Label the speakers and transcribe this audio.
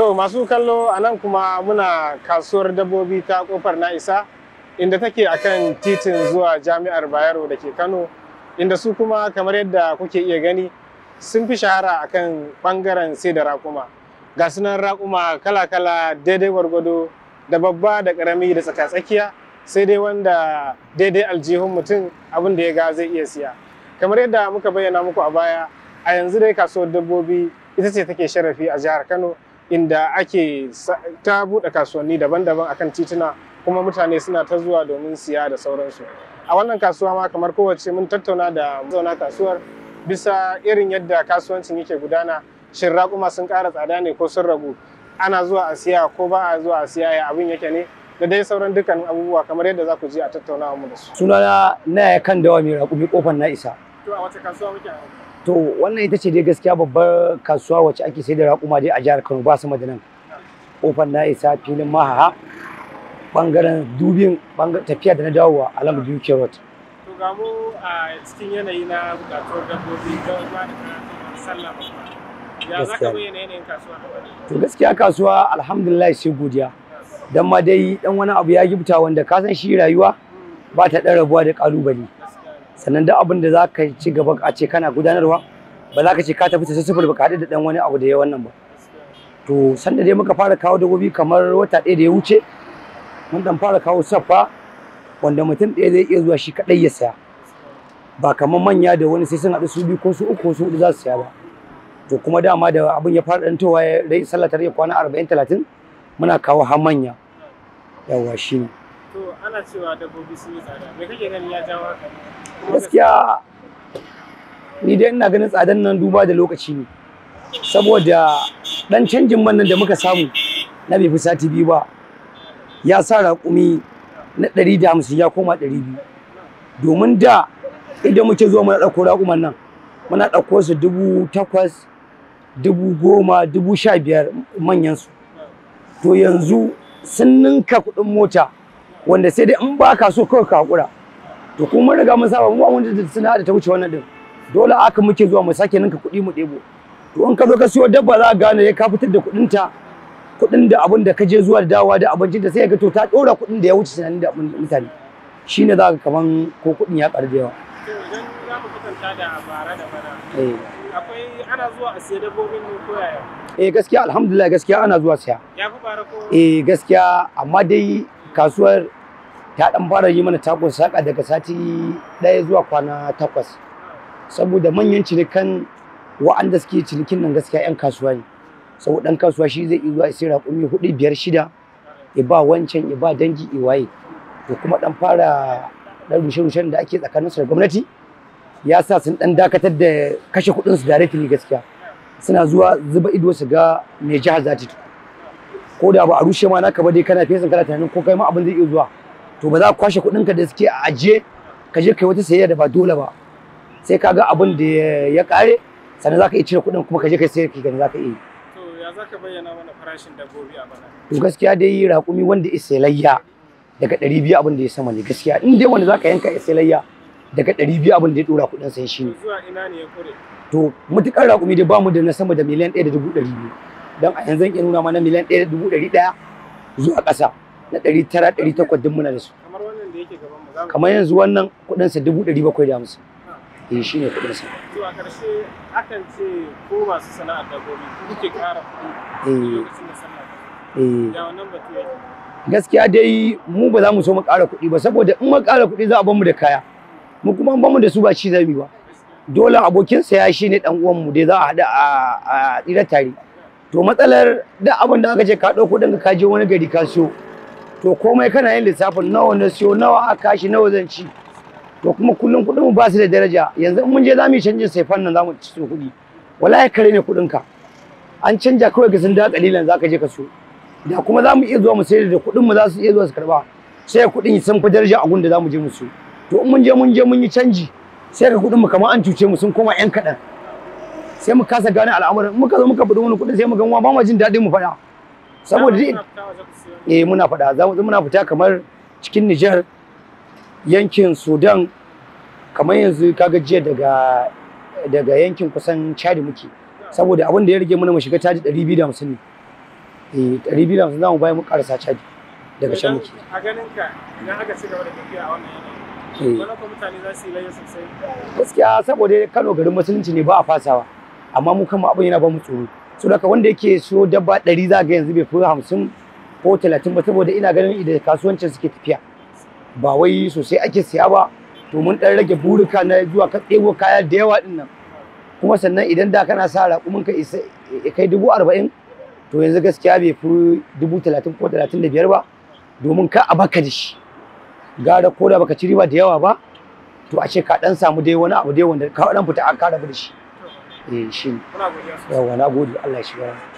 Speaker 1: To masu kallo a nan kuma muna kasuwar dabbobi ta kofar na isa inda take kan titin zuwa jami'ar Bayero da ke Kano inda su kuma kamar yadda kuke iya gani sun fi shahara akan bangaren sai da raƙuma. Ga sunan raƙuma kala-kala daidai gwargwado da babba da ƙarami da tsaka-tsakiya sai dai wanda daidai aljihun mutum abin da ya ga zai iya siya. Kamar yadda muka bayyana muku a baya a yanzu dai kasuwar dabbobi ita ce take sharafi a jihar Kano. inda ake ta buɗe kasuwanni daban-daban akan tituna kuma mutane suna ta zuwa domin siya da sauransu a wannan kasuwa ma kamar kowace mun tattauna da zauna kasuwar bisa irin yadda kasuwancin yake gudana shin raƙuma sun ƙara tsada ne ko sun ragu ana zuwa a siya ko ba a zuwa a siya ya abin yake ne da dai sauran dukkanin abubuwa kamar yadda za ku je a tattaunawa mu da su
Speaker 2: sunana na ya kan dawa mai raƙumi kofar na isa
Speaker 1: to a wace kasuwa muke
Speaker 2: to wannan ita ce dai gaskiya babbar kasuwa wacce ake sai da raƙuma dai a jihar Kano ba sama da nan kofar na isa filin mahaha bangaren dubin tafiya da na dawowa a lamu duke road to
Speaker 1: ga mu a cikin yanayi na bukatuwar dabbobi ga wani sallama
Speaker 2: ya za ka bayyana yanayin kasuwa to gaskiya kasuwa alhamdulillah sai godiya dan ma dai dan wani abu ya gibta wanda ka san shi rayuwa ba ta ɗan rabuwa da kalubale sannan duk abin da za ka ci gaba a ce kana gudanarwa ba za ka ce ka tafi ta sufuri ba ka haɗu da ɗan wani abu da ya wannan ba to da dai muka fara kawo dabbobi kamar wata ɗaya da ya wuce mun dan fara kawo saffa wanda mutum ɗaya zai iya zuwa shi kaɗai ya saya ba kamar manya da wani sai sun haɗu su biyu ko su uku ko su huɗu za su saya ba to kuma dama da abin ya fara ɗantowa ya sallah ta ya kwana arba'in talatin muna kawo har manya yawa shi ne
Speaker 1: ana cewa dabbobi sun yi tsada me kake ya jawo haka
Speaker 2: gaskiya ni dai ina ganin tsadan nan duba da lokaci ne saboda dan canjin man nan da muka samu na bai fi biyu ba ya sa raƙumi na ɗari da hamsin ya koma ɗari biyu domin da idan muke zuwa muna ɗauko raƙuman nan muna ɗauko su dubu takwas dubu goma dubu sha biyar manyansu to yanzu sun ninka kuɗin mota wanda sai dai in ba ka so kawai ka hakura to kuma mun riga mun saba mu ba mun da suna da ta wuce wannan din dole aka muke zuwa mu sake ninka kuɗi mu ɗebo to in ka zo ka siyo dabba za ka gane ya ka fitar da kuɗin ta kuɗin da abin da ka je zuwa da dawowa da abincin da sai ka to ta ɗora kuɗin da ya wuce sanani da mutane shine za ka kaman ko kuɗin ya ƙaru da yawa
Speaker 1: eh. akwai ana zuwa a siya dabbobin ne ko
Speaker 2: yaya eh gaskiya alhamdulillah gaskiya ana zuwa siya ya fi bara ko eh gaskiya amma dai kasuwar ta dan fara yi mana takun saka daga sati ɗaya zuwa kwana takwas saboda manyan cinikan wa'anda suke cinikin nan gaskiya 'yan kasuwa ne saboda ɗan kasuwa shi zai iya sai raƙumi hudu biyar shida ya ba wancan ya ba dangi iwaye to kuma dan fara dan rushe-rushen da ake tsakanin da gwamnati ya sa sun dan dakatar da kashe kuɗinsu da gaskiya suna zuwa zuba ido su ga mai jihar zati ko da ba a rushe ma naka ba dai kana fesin kana tunanin ko kai ma abin zai iya zuwa to ba za ka kwashe kuɗin ka da suke a ajiye ka je kai wata sayayya da ba dole ba sai ka ga abin da ya kare sannan za ka iya cire kuɗin kuma ka je kai sayar ki gani za ka iya
Speaker 1: to ya za ka bayyana mana farashin dabbobi a bana to
Speaker 2: gaskiya dai raƙumi wanda ya sayayya daga ɗari biyu abin da ya sama ne gaskiya in dai wanda za ka yanka ya sayayya daga ɗari biyu abin da ya ɗora kuɗin sai shi ne
Speaker 1: zuwa ina ne ya kure
Speaker 2: to mutukar raƙumi dai bamu da na sama da miliyan ɗaya da dubu ɗari biyu don a yanzu ke nuna mana miliyan ɗaya da dubu ɗari ɗaya zuwa ƙasa na ɗari tara ɗari takwas duk muna da su kamar yanzu wannan kuɗinsa dubu ɗari bakwai da hamsin ah. eh shi ne sa
Speaker 1: to a ƙarshe akan ce ko masu sana'ar dabbobi ko kuke ƙara
Speaker 2: kuɗi eh da eh.
Speaker 1: wannan batu yake
Speaker 2: gaskiya dai mu ba za mu so mu ƙara kuɗi ba saboda in mu ƙara kuɗi za a bar mu da kaya mu kuma ban mu da su ba ci zami ba dole abokin saya shi ne dan uwan mu dai za a hada a tsira tare to matsalar da abin da aka ce ka ɗauko ɗinka ka je wani gari ka siyo to komai kana yin lissafin nawa na siyo nawa a kashi nawa zan ci to kuma kullum kuɗin mu ba su da daraja yanzu mun je za mu yi canjin saifan nan za mu ci kuɗi wallahi kare ne ka? an canja kawai ga sun da kalilan za ka je ka siyo da kuma za mu iya zuwa mu sayar da kuɗin mu za su iya zuwa su karba. sai kuɗin sun fi daraja a gun da za mu je mu siyo to in mun je mun je mun yi canji sai ka kuɗin mu kamar an cuce mu sun koma 'yan kaɗan sai mu kasa gane al'amuran muka zo muka fito wani kudi sai mu ga ba mu jin daɗin mu faɗa saboda dai eh muna faɗa za mu muna fita kamar cikin Niger yankin Sudan kamar yanzu kaga jiya daga daga yankin kusan Chad muke saboda abin da ya rage muna mu shiga taji 250 ne eh 250 za mu bayan mu karasa Chad daga shan muke
Speaker 1: a ganin ka idan aka ci gaba da tafiya a wannan
Speaker 2: yanayi eh.
Speaker 1: mutane za su yi layin sosai
Speaker 2: gaskiya saboda Kano garin musulunci ne ba a fasawa amma mu kanmu abin yana ba mu tsoro so daga wanda yake siyo dabba ɗari za ga yanzu bai fi hamsin ko talatin ba saboda ina ganin idan kasuwancin suke tafiya ba wai sosai ake siya ba to mun ɗan rage burika na zuwa ka ɗebo kaya da yawa ɗin nan kuma sannan idan da kana sa raƙumin ka kai dubu arba'in to yanzu gaskiya bai fi dubu talatin ko talatin da biyar ba domin ka a baka da shi gara ko baka ci riba da yawa ba to a ce ka ɗan samu dai wani abu dai wanda ka ɗan fita an ka rabu da shi eh shi yawa na gode Allah ya shiga